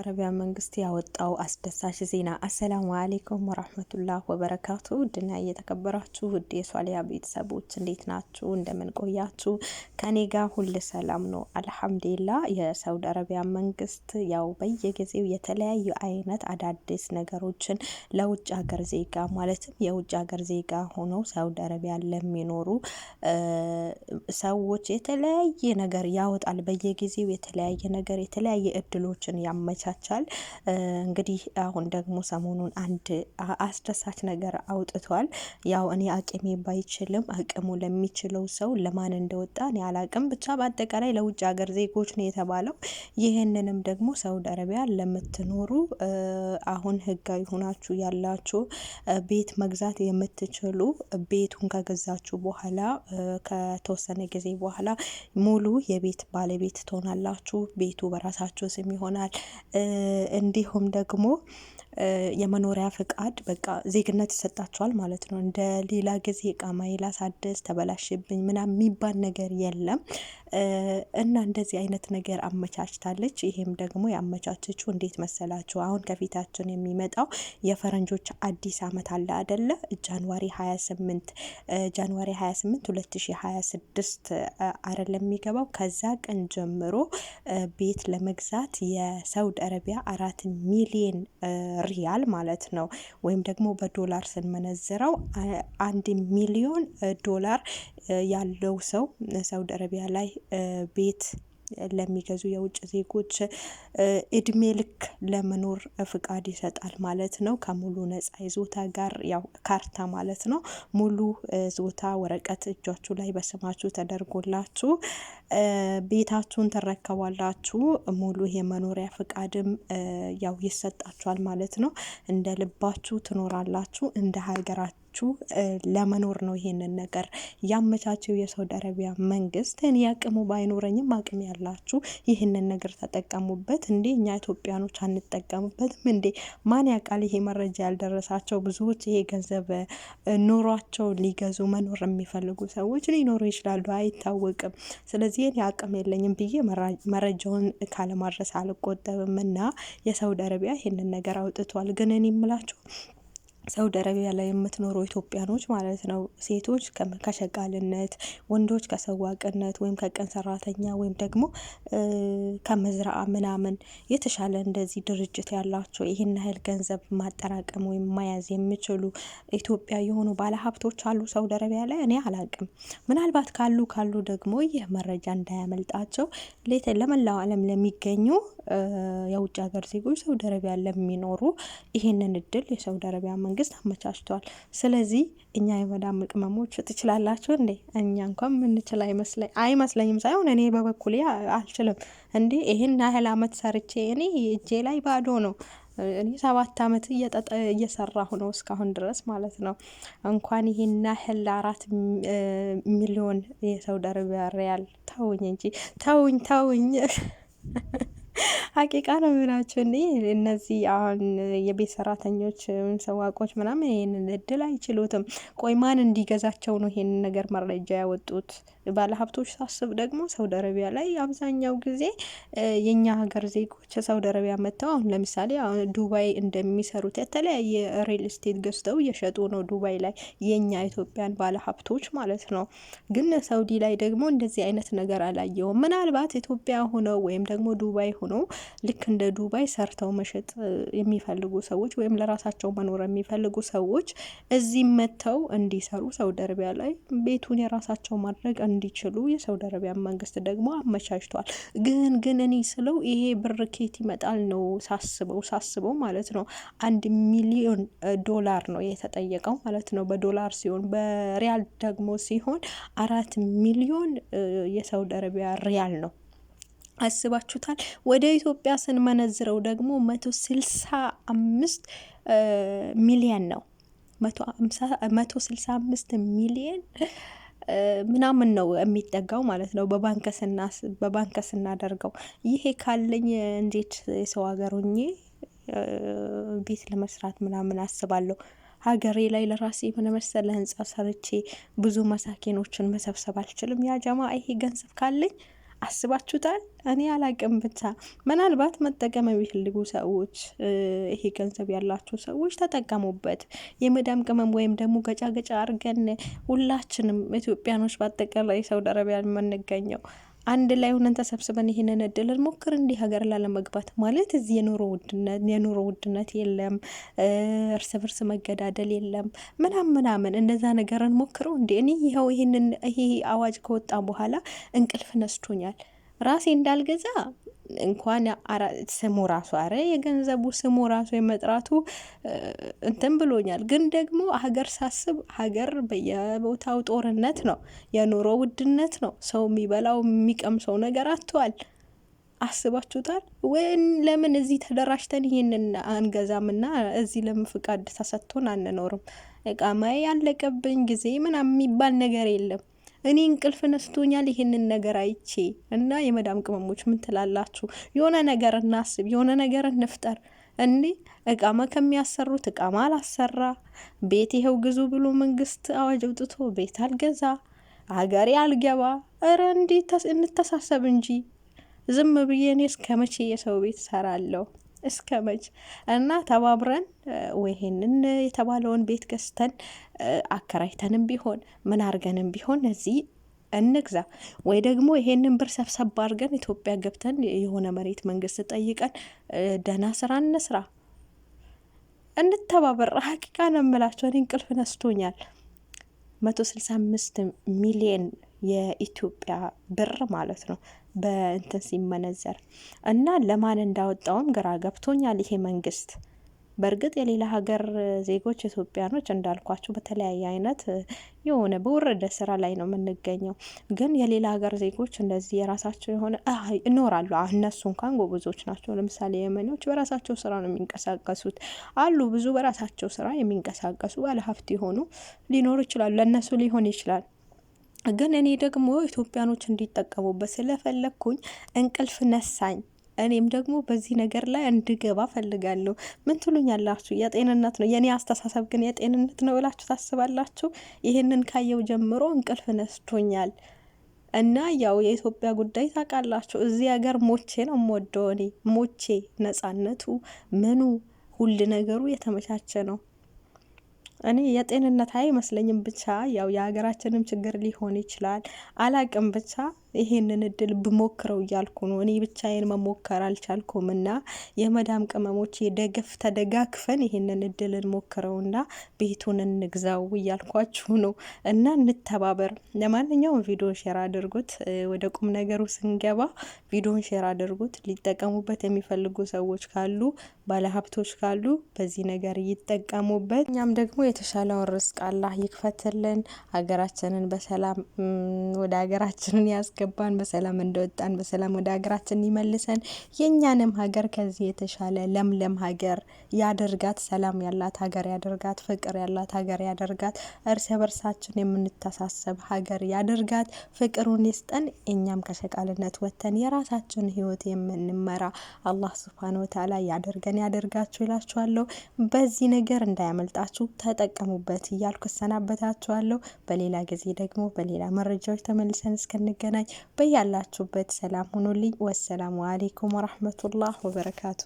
አረቢያ መንግስት ያወጣው አስደሳች ዜና። አሰላሙ አሌይኩም ወራህመቱላህ ወበረካቱ። ውድና እየተከበራችሁ ውድ የሷሊያ ቤተሰቦች እንዴት ናችሁ? እንደምን ቆያችሁ? ከኔ ጋር ሁል ሰላም ነው አልሐምዱሊላ። የሳውዲ አረቢያ መንግስት ያው በየጊዜው የተለያዩ አይነት አዳዲስ ነገሮችን ለውጭ ሀገር ዜጋ ማለትም የውጭ ሀገር ዜጋ ሆነው ሳውዲ አረቢያ ለሚኖሩ ሰዎች የተለያየ ነገር ያወጣል። በየጊዜው የተለያየ ነገር የተለያየ እድሎችን ያመቻል ይመቻቻል። እንግዲህ አሁን ደግሞ ሰሞኑን አንድ አስደሳች ነገር አውጥቷል። ያው እኔ አቅሜ ባይችልም አቅሙ ለሚችለው ሰው ለማን እንደወጣ እኔ አላቅም። ብቻ በአጠቃላይ ለውጭ ሀገር ዜጎች ነው የተባለው። ይህንንም ደግሞ ሳውዲ አረቢያ ለምትኖሩ አሁን ህጋዊ ሆናችሁ ያላችሁ ቤት መግዛት የምትችሉ ቤቱን ከገዛችሁ በኋላ ከተወሰነ ጊዜ በኋላ ሙሉ የቤት ባለቤት ትሆናላችሁ። ቤቱ በራሳችሁ ስም ይሆናል። እንዲሁም ደግሞ የመኖሪያ ፍቃድ በቃ ዜግነት ይሰጣቸዋል ማለት ነው። እንደ ሌላ ጊዜ ቃማ ላሳደስ ተበላሽብኝ ምናምን የሚባል ነገር የለም። እና እንደዚህ አይነት ነገር አመቻችታለች። ይሄም ደግሞ ያመቻቸችው እንዴት መሰላችሁ? አሁን ከፊታችን የሚመጣው የፈረንጆች አዲስ አመት አለ አደለ? ጃንዋሪ 28 ጃንዋሪ 28 2026 አይደለም የሚገባው። ከዛ ቀን ጀምሮ ቤት ለመግዛት የሳውዲ አረቢያ አራት ሚሊየን ሪያል ማለት ነው። ወይም ደግሞ በዶላር ስንመነዝረው አንድ ሚሊዮን ዶላር ያለው ሰው ሳውዲ አረቢያ ላይ ቤት ለሚገዙ የውጭ ዜጎች እድሜ ልክ ለመኖር ፍቃድ ይሰጣል ማለት ነው። ከሙሉ ነጻ ዞታ ጋር ያው ካርታ ማለት ነው። ሙሉ ዞታ ወረቀት እጃችሁ ላይ በስማችሁ ተደርጎላችሁ ቤታችሁን ትረከባላችሁ። ሙሉ የመኖሪያ ፍቃድም ያው ይሰጣችኋል ማለት ነው። እንደ ልባችሁ ትኖራላችሁ እንደ ሀገራችሁ ሆናችሁ ለመኖር ነው ይሄንን ነገር ያመቻቸው የሳውዲ አረቢያ መንግስት። እኔ አቅሙ ባይኖረኝም አቅም ያላችሁ ይህንን ነገር ተጠቀሙበት እንዴ እኛ ኢትዮጵያኖች አንጠቀሙበትም እንዴ? ማን ያውቃል? ይሄ መረጃ ያልደረሳቸው ብዙዎች ይሄ ገንዘብ ኖሯቸው ሊገዙ መኖር የሚፈልጉ ሰዎች ሊኖሩ ይችላሉ፣ አይታወቅም። ስለዚህ እኔ አቅም የለኝም ብዬ መረጃውን ካለማድረስ አልቆጠብም እና የሳውዲ አረቢያ ይህንን ነገር አውጥቷል። ግን እኔ የምላችሁ ሳውዲ አረቢያ ላይ የምትኖሩ ኢትዮጵያኖች ማለት ነው። ሴቶች ከሸቃልነት፣ ወንዶች ከሰዋቅነት ወይም ከቀን ሰራተኛ ወይም ደግሞ ከመዝራአ ምናምን የተሻለ እንደዚህ ድርጅት ያላቸው ይህን ያህል ገንዘብ ማጠራቀም ወይም መያዝ የሚችሉ ኢትዮጵያ የሆኑ ባለሀብቶች አሉ ሳውዲ አረቢያ ላይ እኔ አላቅም። ምናልባት ካሉ ካሉ ደግሞ ይህ መረጃ እንዳያመልጣቸው ለመላው ዓለም ለሚገኙ የውጭ ሀገር ዜጎች ሳውዲ አረቢያ ለሚኖሩ ይህንን እድል የሳውዲ አረቢያ መንግስት አመቻችተዋል። ስለዚህ እኛ የመዳም ቅመሞች ትችላላችሁ እንዴ? እኛ እንኳን ምንችል አይመስለኝ አይመስለኝም ሳይሆን እኔ በበኩሌ አልችልም እንዴ። ይህን ያህል አመት ሰርቼ እኔ እጄ ላይ ባዶ ነው። እኔ ሰባት አመት እየሰራሁ ነው እስካሁን ድረስ ማለት ነው። እንኳን ይሄን ያህል አራት ሚሊዮን የሰው ደርቢያ ሪያል ተውኝ እንጂ ተውኝ ተውኝ። ሀቂቃ ነው የምላችሁ። እንዲ እነዚህ አሁን የቤት ሰራተኞች ሰዋቆች ምናምን ይህንን እድል አይችሉትም። ቆይ ማን እንዲገዛቸው ነው ይሄንን ነገር መረጃ ያወጡት? ባለሀብቶች ሳስብ ደግሞ ሳውዲ አረቢያ ላይ አብዛኛው ጊዜ የእኛ ሀገር ዜጎች ሳውዲ አረቢያ መጥተው አሁን ለምሳሌ ዱባይ እንደሚሰሩት የተለያየ ሪል ስቴት ገዝተው እየሸጡ ነው። ዱባይ ላይ የእኛ ኢትዮጵያን ባለሀብቶች ማለት ነው። ግን ሳውዲ ላይ ደግሞ እንደዚህ አይነት ነገር አላየውም። ምናልባት ኢትዮጵያ ሆነው ወይም ደግሞ ዱባይ ሆነው ልክ እንደ ዱባይ ሰርተው መሸጥ የሚፈልጉ ሰዎች ወይም ለራሳቸው መኖር የሚፈልጉ ሰዎች እዚህ መጥተው እንዲሰሩ ሳውዲ አረቢያ ላይ ቤቱን የራሳቸው ማድረግ እንዲችሉ የሳውዲ አረቢያ መንግስት ደግሞ አመቻችቷል። ግን ግን እኔ ስለው ይሄ ብር ኬት ይመጣል ነው ሳስበው ሳስበው ማለት ነው አንድ ሚሊዮን ዶላር ነው የተጠየቀው ማለት ነው በዶላር ሲሆን በሪያል ደግሞ ሲሆን አራት ሚሊዮን የሳውዲ አረቢያ ሪያል ነው። አስባችሁታል። ወደ ኢትዮጵያ ስንመነዝረው ደግሞ መቶ ስልሳ አምስት ሚሊየን ነው መቶ ስልሳ አምስት ሚሊየን ምናምን ነው የሚጠጋው ማለት ነው። በባንክ ስናደርገው ይሄ ካለኝ እንዴት የሰው ሀገር ሆኜ ቤት ለመስራት ምናምን አስባለሁ። ሀገሬ ላይ ለራሴ የሆነ መሰለ ህንጻ ሰርቼ ብዙ መሳኪኖችን መሰብሰብ አልችልም። ያ ጀማ ይሄ ገንዘብ ካለኝ አስባችሁታል? እኔ አላቅም። ብቻ ምናልባት መጠቀም የሚፈልጉ ሰዎች ይሄ ገንዘብ ያላቸው ሰዎች ተጠቀሙበት። የመዳም ቅመም ወይም ደግሞ ገጫገጫ አድርገን ሁላችንም ኢትዮጵያኖች በአጠቃላይ ሳውዲ አረቢያ የምንገኘው አንድ ላይ ሆነን ተሰብስበን ይሄንን እድል ሞክር እንዲህ ሀገር ላለመግባት ማለት እዚህ የኑሮ ውድነት የኑሮ ውድነት የለም፣ እርስ በርስ መገዳደል የለም ምናም ምናምን እንደዛ ነገርን ሞክረው እንዲ እኔ ይኸው ይህንን ይሄ አዋጅ ከወጣ በኋላ እንቅልፍ ነስቶኛል። ራሴ እንዳልገዛ እንኳን ስሙ ራሱ አረ የገንዘቡ ስሙ ራሱ የመጥራቱ እንትን ብሎኛል። ግን ደግሞ ሀገር ሳስብ ሀገር በየቦታው ጦርነት ነው፣ የኑሮ ውድነት ነው። ሰው የሚበላው የሚቀምሰው ነገር አጥቷል። አስባችሁታል ወይም ለምን እዚህ ተደራጅተን ይህንን አንገዛምና እዚህ ለምን ፍቃድ ተሰጥቶን አንኖርም? እቃማዬ ያለቀብኝ ጊዜ ምናምን የሚባል ነገር የለም። እኔ እንቅልፍ ነስቶኛል ይህንን ነገር አይቼ እና የመዳም ቅመሞች ምን ትላላችሁ? የሆነ ነገር እናስብ፣ የሆነ ነገር እንፍጠር። እኔ እቃማ ከሚያሰሩት እቃማ አላሰራ ቤት ይኸው ግዙ ብሎ መንግስት አዋጅ አውጥቶ ቤት አልገዛ አገሬ አልገባ። እረ እንዲህ እንተሳሰብ እንጂ ዝም ብዬ እኔ እስከ መቼ የሰው ቤት ሰራለሁ? እስከ መች እና ተባብረን ወይሄንን የተባለውን ቤት ገዝተን አከራይተንም ቢሆን ምን አርገንም ቢሆን እዚህ እንግዛ ወይ ደግሞ ይሄንን ብር ሰብሰብ አድርገን ኢትዮጵያ ገብተን የሆነ መሬት መንግስት ጠይቀን ደህና ስራ እንስራ፣ እንተባበር። ሀቂቃ ነው የምላቸው። እኔ እንቅልፍ ነስቶኛል። መቶ ስልሳ አምስት ሚሊየን የኢትዮጵያ ብር ማለት ነው። በእንትን ሲመነዘር እና ለማን እንዳወጣውም ግራ ገብቶኛል ይሄ መንግስት። በእርግጥ የሌላ ሀገር ዜጎች ኢትዮጵያኖች እንዳልኳቸው በተለያየ አይነት የሆነ በወረደ ስራ ላይ ነው የምንገኘው። ግን የሌላ ሀገር ዜጎች እንደዚህ የራሳቸው የሆነ ይኖራሉ። እነሱ እንኳን ጎበዞች ናቸው። ለምሳሌ የመኔዎች በራሳቸው ስራ ነው የሚንቀሳቀሱት አሉ። ብዙ በራሳቸው ስራ የሚንቀሳቀሱ ባለሀብት የሆኑ ሊኖሩ ይችላሉ። ለእነሱ ሊሆን ይችላል። ግን እኔ ደግሞ ኢትዮጵያኖች እንዲጠቀሙበት ስለፈለግኩኝ እንቅልፍ ነሳኝ። እኔም ደግሞ በዚህ ነገር ላይ እንድገባ ፈልጋለሁ። ምን ትሉኛላችሁ? የጤንነት ነው የእኔ አስተሳሰብ ግን የጤንነት ነው እላችሁ ታስባላችሁ? ይህንን ካየው ጀምሮ እንቅልፍ ነስቶኛል። እና ያው የኢትዮጵያ ጉዳይ ታውቃላችሁ፣ እዚህ ሀገር ሞቼ ነው የምወደው እኔ ሞቼ። ነጻነቱ ምኑ ሁል ነገሩ የተመቻቸ ነው። እኔ የጤንነት አይመስለኝም። ብቻ ያው የሀገራችንም ችግር ሊሆን ይችላል አላቅም ብቻ ይሄንን እድል ብሞክረው እያልኩ ነው። እኔ ብቻዬን መሞከር አልቻልኩም እና የመዳም ቅመሞች የደገፍ ተደጋግፈን ይሄንን እድል ና ቤቱን እንግዛው እያልኳችሁ ነው። እና እንተባበር። ለማንኛውም ቪዲዮን ሼር አድርጉት። ወደ ቁም ነገሩ ስንገባ ቪዲዮን ሼር አድርጉት። ሊጠቀሙበት የሚፈልጉ ሰዎች ካሉ፣ ባለሀብቶች ካሉ በዚህ ነገር ይጠቀሙበት። እኛም ደግሞ የተሻለውን ርስቅ አላህ ይክፈትልን። ሀገራችንን በሰላም ወደ ሀገራችንን ያስገ እንደገባን በሰላም እንደወጣን በሰላም ወደ ሀገራችን ይመልሰን። የእኛንም ሀገር ከዚህ የተሻለ ለምለም ሀገር ያደርጋት። ሰላም ያላት ሀገር ያደርጋት። ፍቅር ያላት ሀገር ያደርጋት። እርስ በርሳችን የምንተሳሰብ ሀገር ያደርጋት። ፍቅሩን ይስጠን። እኛም ከሸቃልነት ወጥተን የራሳችን ህይወት የምንመራ አላህ ስብሃነ ወተዓላ ያደርገን ያደርጋችሁ ይላችኋለሁ። በዚህ ነገር እንዳያመልጣችሁ ተጠቀሙበት እያልኩ እሰናበታችኋለሁ። በሌላ ጊዜ ደግሞ በሌላ መረጃዎች ተመልሰን እስከንገናኝ በያላችሁበት ሰላም ሁኑልኝ። ወሰላሙ አሌይኩም ወረህመቱላህ ወበረካቱ